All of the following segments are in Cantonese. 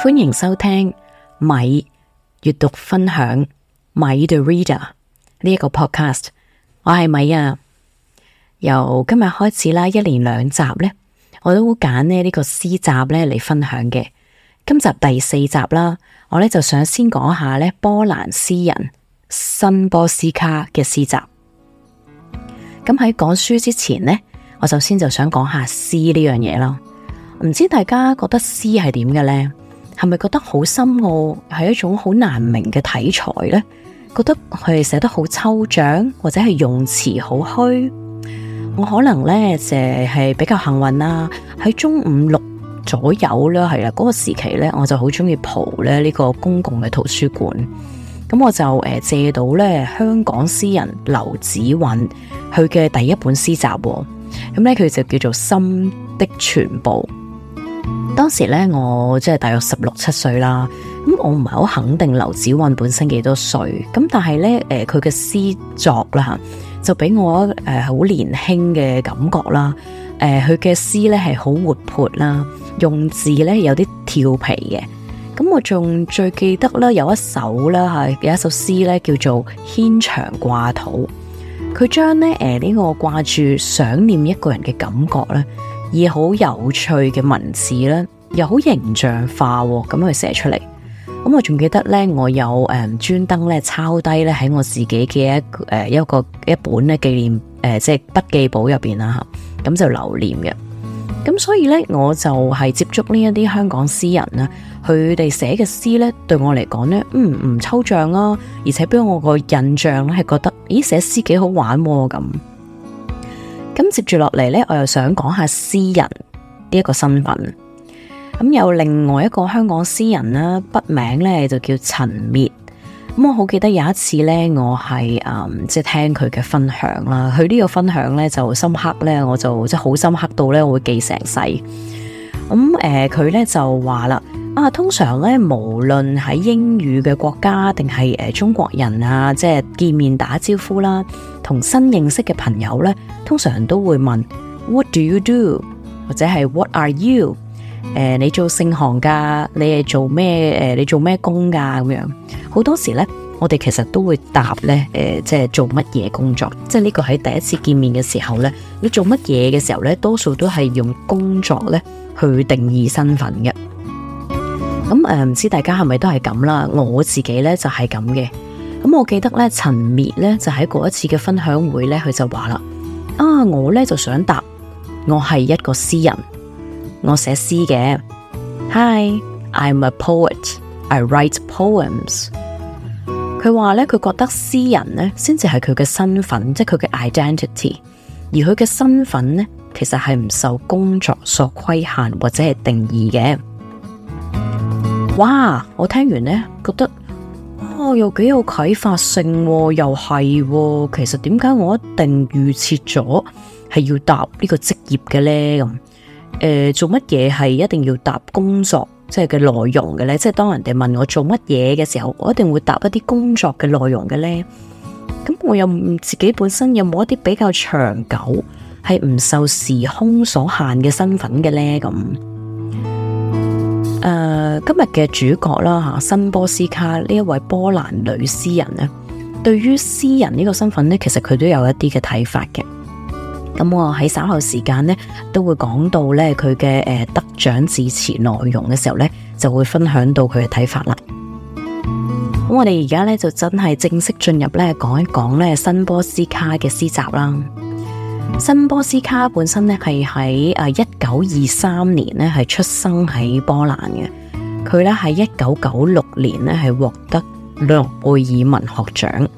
歡迎收聽米閱讀分享 Mic the Reader 呢一個 podcast。我係米啊，由今日開始啦，一連兩集咧，我都會揀咧呢個詩集咧嚟分享嘅。今集第四集啦，我咧就想先講下咧波蘭詩人辛波絲卡嘅詩集。咁喺講書之前咧，我首先就想講下詩呢樣嘢咯。唔知大家覺得詩係點嘅咧？係咪覺得好深奧，係一種好難明嘅題材呢？覺得佢哋寫得好抽象，或者係用詞好虛？我可能呢，就係、是、比較幸運啦，喺中五六左右咧，係啦嗰個時期呢，我就好中意蒲呢個公共嘅圖書館，咁我就借到呢香港詩人劉芷韻佢嘅第一本詩集，咁咧佢就叫做《心的全部》。當時咧，我即係大約十六七歲啦。咁我唔係好肯定劉子運本身幾多歲。咁但係咧，誒佢嘅詩作啦，就俾我誒好年輕嘅感覺啦。誒佢嘅詩咧係好活潑啦，用字咧有啲調皮嘅。咁我仲最記得咧有一首咧係有一首詩咧叫做《牽腸掛肚》，佢將咧誒呢個掛住想念一個人嘅感覺咧，以好有趣嘅文字咧。又好形象化喎，咁佢寫出嚟，咁我仲記得咧，我有誒專登咧抄低咧喺我自己嘅一誒一個一本咧紀念誒、呃、即係筆記簿入邊啦，咁就留念嘅。咁所以咧，我就係接觸呢一啲香港詩人啦，佢哋寫嘅詩咧，對我嚟講咧，嗯唔抽象啊，而且俾我個印象咧係覺得，咦寫詩幾好玩咁喎。咁接住落嚟咧，我又想講下詩人呢一個身份。咁、嗯、有另外一個香港詩人咧，筆名咧就叫陳滅。咁、嗯、我好記得有一次咧，我係誒即係聽佢嘅分享啦。佢呢個分享咧就深刻咧，我就即係好深刻到咧，我會記成世。咁、嗯、誒，佢、呃、咧就話啦，啊通常咧，無論喺英語嘅國家定係誒中國人啊，即、就、係、是、見面打招呼啦，同新認識嘅朋友咧，通常都會問 What do you do，或者係 What are you？誒、呃，你做盛行噶？你係做咩？誒、呃，你做咩工噶？咁樣好多時咧，我哋其實都會答咧，誒、呃，即係做乜嘢工作？即係呢個喺第一次見面嘅時候咧，你做乜嘢嘅時候咧，多數都係用工作咧去定義身份嘅。咁誒，唔、呃、知大家係咪都係咁啦？我自己咧就係咁嘅。咁我記得咧，陳滅咧就喺嗰一次嘅分享會咧，佢就話啦：啊，我咧就想答，我係一個詩人。我寫詩嘅。Hi, I'm a poet. I write poems。佢話呢，佢覺得詩人呢先至係佢嘅身份，即係佢嘅 identity。而佢嘅身份呢，其實係唔受工作所規限或者係定義嘅。哇！我聽完呢覺得哦，又幾有啟發性喎，又係喎。其實點解我一定預設咗係要答呢個職業嘅呢？誒、呃，做乜嘢係一定要答工作即係嘅內容嘅呢？即係當人哋問我做乜嘢嘅時候，我一定會答一啲工作嘅內容嘅呢。咁我又自己本身有冇一啲比較長久係唔受時空所限嘅身份嘅呢？咁、呃、誒，今日嘅主角啦吓，啊，辛波絲卡呢一位波蘭女詩人咧，對於詩人呢個身份呢，其實佢都有一啲嘅睇法嘅。咁我喺稍後時間咧都會講到咧佢嘅誒得獎致詞內容嘅時候咧就會分享到佢嘅睇法啦。咁我哋而家咧就真係正式進入咧講一講咧辛波絲卡嘅詩集啦。辛波絲卡本身咧係喺誒一九二三年咧係出生喺波蘭嘅，佢咧喺一九九六年咧係獲得諾貝爾文學獎。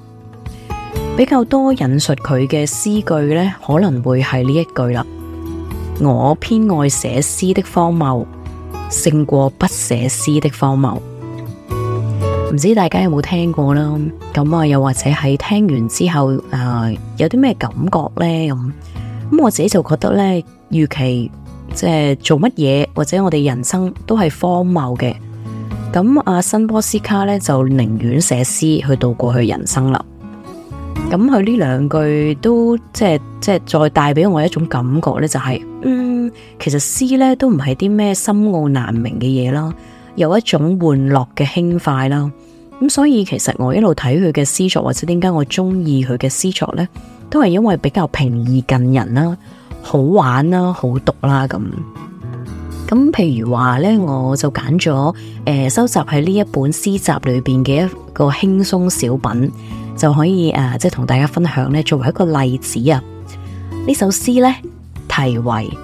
比較多引述佢嘅詩句呢，可能會係呢一句啦。 我偏愛寫詩的荒謬，勝過不寫詩的荒謬。唔知大家有冇聽過啦？咁啊，又或者喺聽完之後誒、呃，有啲咩感覺呢？咁咁，我自己就覺得呢，與其即係做乜嘢或者我哋人生都係荒謬嘅。咁阿辛波絲卡呢，就寧願寫詩去度過去人生啦。咁佢呢兩句都即係即係再帶俾我一種感覺咧，就係，嗯，其實詩咧都唔係啲咩深奧難明嘅嘢啦，有一種玩樂嘅輕快啦。咁所以其實我一路睇佢嘅詩作，或者點解我中意佢嘅詩作咧，都係因為比較平易近人啦，好玩啦，好讀啦咁。咁譬如話咧，我就揀咗誒，收集喺呢一本詩集裏邊嘅一個輕鬆小品。就可以啊，即係同大家分享咧，作為一個例子啊，呢首詩咧題為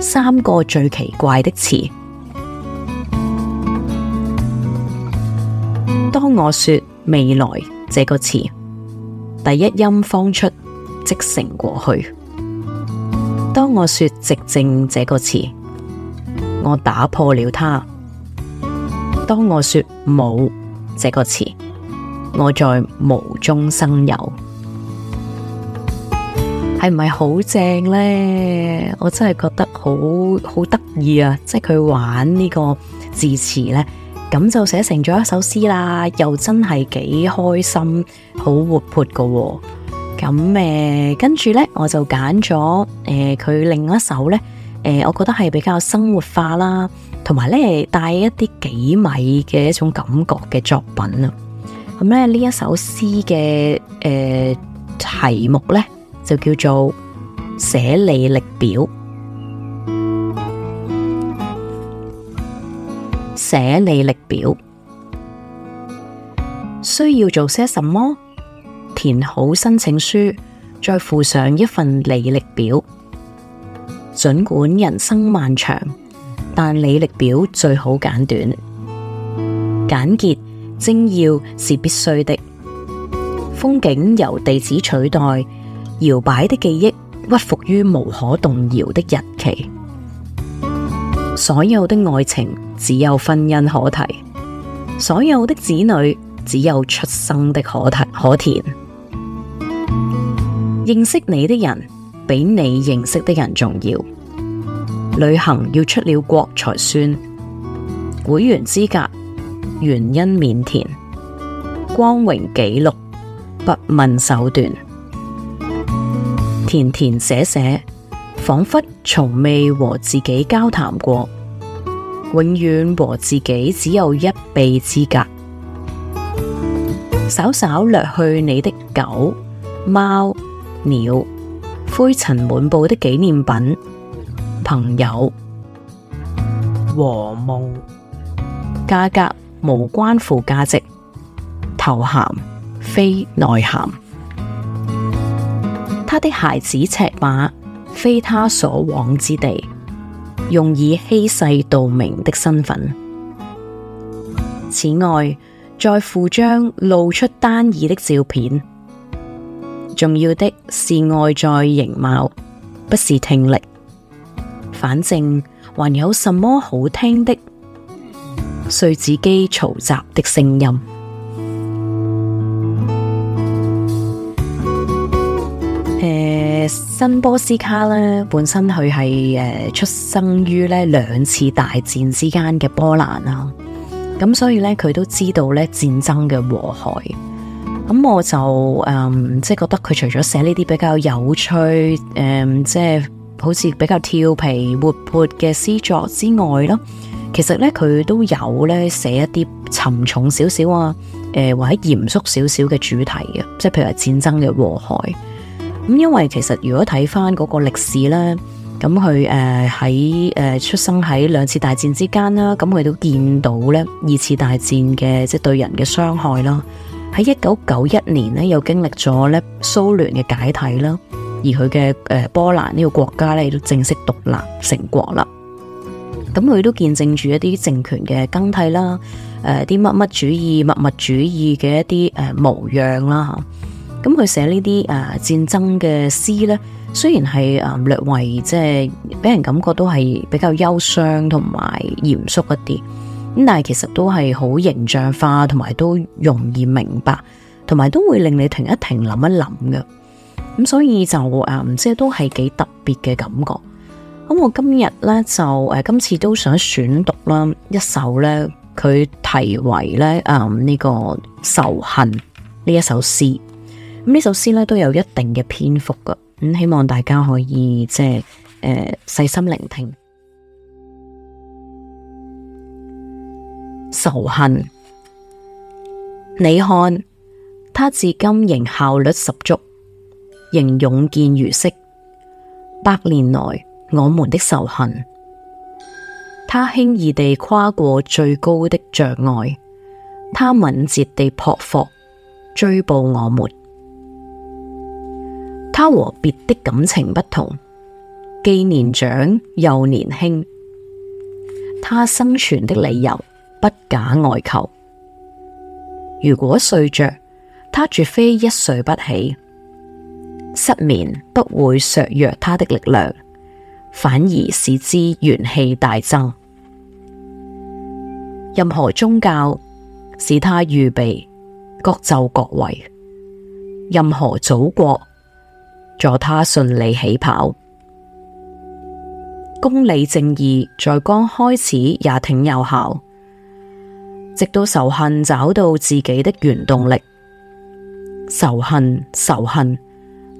三個最奇怪的詞。當我說未來這個詞，第一音方出即成過去；當我說寂靜這個詞，我打破了它；當我說冇這個詞。我在無中生有，係唔係好正咧？我真係覺得好好得意啊！即係佢玩呢個字詞咧，咁就寫成咗一首詩啦，又真係幾開心，好活潑噶、啊。咁誒，跟住咧，我就揀咗誒佢另一首咧，誒、呃，我覺得係比較生活化啦，同埋咧帶一啲幾米嘅一種感覺嘅作品啊。咁呢呢一首詩嘅，誒題目呢，就叫做寫履歷表。寫履歷表需要做些什麼？填好申請書，再附上一份履歷表。儘管人生漫長，但履歷表最好簡短，簡潔。精要是必須的，風景由地址取代，搖擺的記憶屈服於無可動搖的日期。所有的愛情只有婚姻可提，所有的子女只有出生的可提可填。認識你的人比你認識的人重要。旅行要出了國才算會員資格。原因，免填，光榮記錄，不問手段，填填寫寫，仿佛從未和自己交談過，永遠和自己只有一臂之隔，稍稍略去你的狗、貓、鳥，灰塵滿布的紀念品、朋友和夢、價格。無關乎價值，頭銜非內涵。他的鞋子尺碼，非他所往之地。用以欺世盜名的身份。此外，再附張露出單耳的照片。重要的是外在形貌，不是聽力。反正還有什麼好聽的？碎紙機嘈雜的聲音。誒、呃，辛波絲卡咧，本身佢係誒出生於咧兩次大戰之間嘅波蘭啦、啊，咁、啊、所以咧佢都知道咧戰爭嘅禍害。咁、啊、我就誒、呃，即係覺得佢除咗寫呢啲比較有趣，誒、呃，即係好似比較調皮活潑嘅詩作之外咯。其實咧，佢都有咧寫一啲沉重少少啊，誒、呃、或者嚴肅少少嘅主題嘅，即係譬如話戰爭嘅禍害。咁因為其實如果睇翻嗰個歷史咧，咁佢誒喺誒出生喺兩次大戰之間啦，咁佢都見到咧二次大戰嘅即係對人嘅傷害啦。喺一九九一年咧，又經歷咗咧蘇聯嘅解體啦，而佢嘅誒波蘭呢個國家咧亦都正式獨立成國啦。咁佢都見證住一啲政權嘅更替啦，誒、呃，啲乜乜主義、物物主義嘅一啲誒、呃、模樣啦吓。咁佢寫呢啲誒戰爭嘅詩咧，雖然係誒、呃、略為即係俾人感覺都係比較憂傷同埋嚴肅一啲，咁但係其實都係好形象化，同埋都容易明白，同埋都會令你停一停諗一諗嘅。咁所以就誒、嗯，即係都係幾特別嘅感覺。咁我今日咧就誒，今次都想選讀啦一首咧，佢題為咧誒呢個仇恨呢一首詩。咁、嗯、呢首詩咧都有一定嘅篇幅噶，咁、嗯、希望大家可以即係誒細心聆聽仇恨。你看，他至今仍效率十足，仍勇健如昔，百年來。我們的仇恨，他輕易地跨過最高的障礙，他敏捷地撲伏追捕我們。他和別的感情不同，既年長又年輕。他生存的理由不假外求。如果睡着，他絕非一睡不起。失眠不會削弱他的力量。反而使之元氣大增。任何宗教使他預備各就各位；任何祖國助他順利起跑。公理正義在剛開始也挺有效，直到仇恨找到自己的原動力。仇恨，仇恨。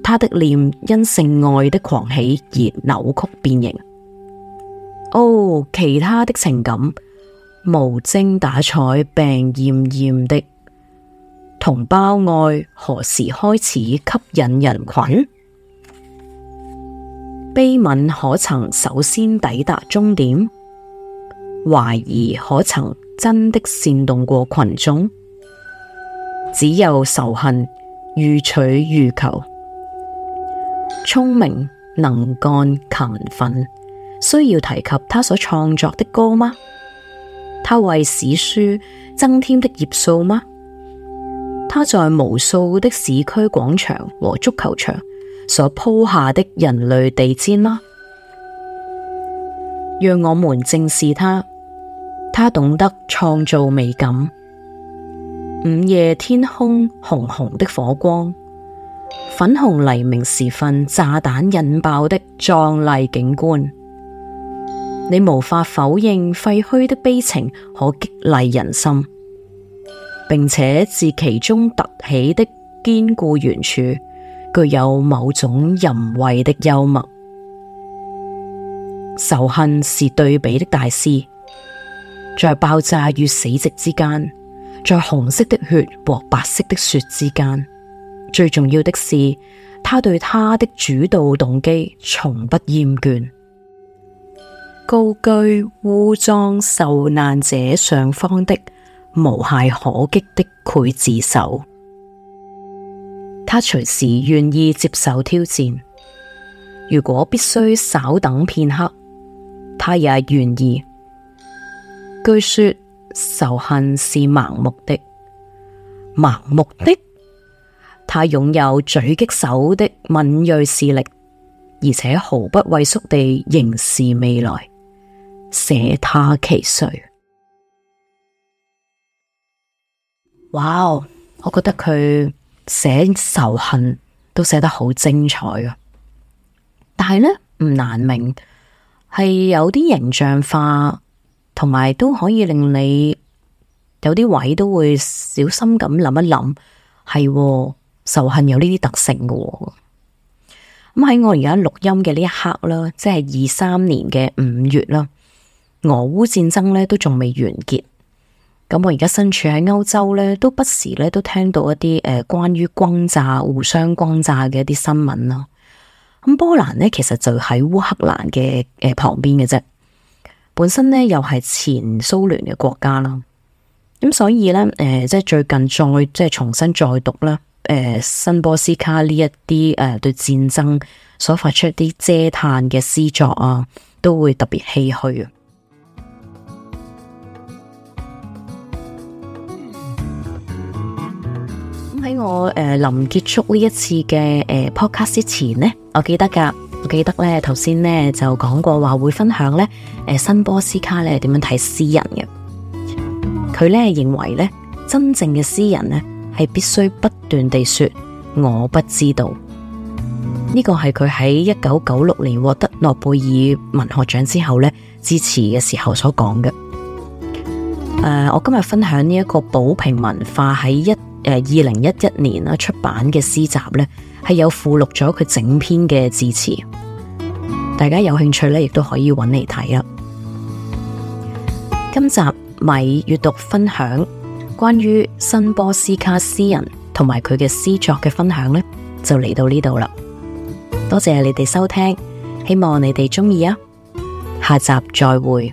他的臉因性愛的狂喜而扭曲變形。哦、oh,，其他的情感，無精打采、病懨懨的同胞愛何時開始吸引人群？悲憫可曾首先抵達終點？懷疑可曾真的煽動過群眾？只有仇恨，予取予求。聰明、能幹、勤奮，需要提及他所創作的歌嗎？他為史書增添的頁數嗎？他在無數的市區廣場和足球場所鋪下的人類地氈嗎？讓我們正視他，他懂得創造美感。午夜天空紅紅的火光。粉紅黎明時分，炸彈引爆的壯麗景觀，你無法否認廢墟的悲情可激勵人心，並且自其中突起的堅固圓柱，具有某種淫穢的幽默。仇恨是對比的大師，在爆炸與死寂之間，在紅色的血和白色的雪之間。最重要的是，他對他的主導動機從不厭倦，高居污糟受難者上方的無懈可擊的劊子手，他隨時願意接受挑戰。如果必須稍等片刻，他也願意。據說仇恨是盲目的，盲目的。他擁有狙擊手的敏銳視力，而且毫不畏縮地凝視未來，捨他其誰？哇、wow, 我覺得佢寫仇恨都寫得好精彩啊！但係呢，唔難明，係有啲形象化，同埋都可以令你有啲位都會小心咁諗一諗，係。仇恨有呢啲特性嘅。哦，咁喺我而家錄音嘅呢一刻啦，即係二三年嘅五月啦，俄烏戰爭呢都仲未完結。咁我而家身處喺歐洲呢，都不時呢都聽到一啲誒關於轟炸、互相轟炸嘅一啲新聞啦。咁波蘭呢，其實就喺烏克蘭嘅誒旁邊嘅啫，本身呢又係前蘇聯嘅國家啦。咁所以呢，誒、呃，即係最近再即係重新再讀啦。誒、呃，辛波絲卡呢一啲誒、呃，對戰爭所發出啲嗟嘆嘅詩作啊，都會特別唏噓。咁喺、嗯、我誒，臨、呃、結束呢一次嘅誒、呃、podcast 之前呢，我記得噶，我記得咧，頭先咧就講過話會分享咧，誒、呃，辛波絲卡咧點樣睇詩人嘅，佢咧認為咧，真正嘅詩人咧。係必須不斷地說我不知道，呢個係佢喺一九九六年獲得諾貝爾文學獎之後呢致辭嘅時候所講嘅。呃，我今日分享呢一個寶瓶文化喺一二零一一年出版嘅詩集呢係有附錄咗佢整篇嘅致辭，大家有興趣呢，亦都可以揾嚟睇。今集米閱讀分享，關於辛波絲卡詩人同埋佢嘅詩作嘅分享呢，就嚟到呢度啦。多謝你哋收聽，希望你哋鍾意啊！下集再會。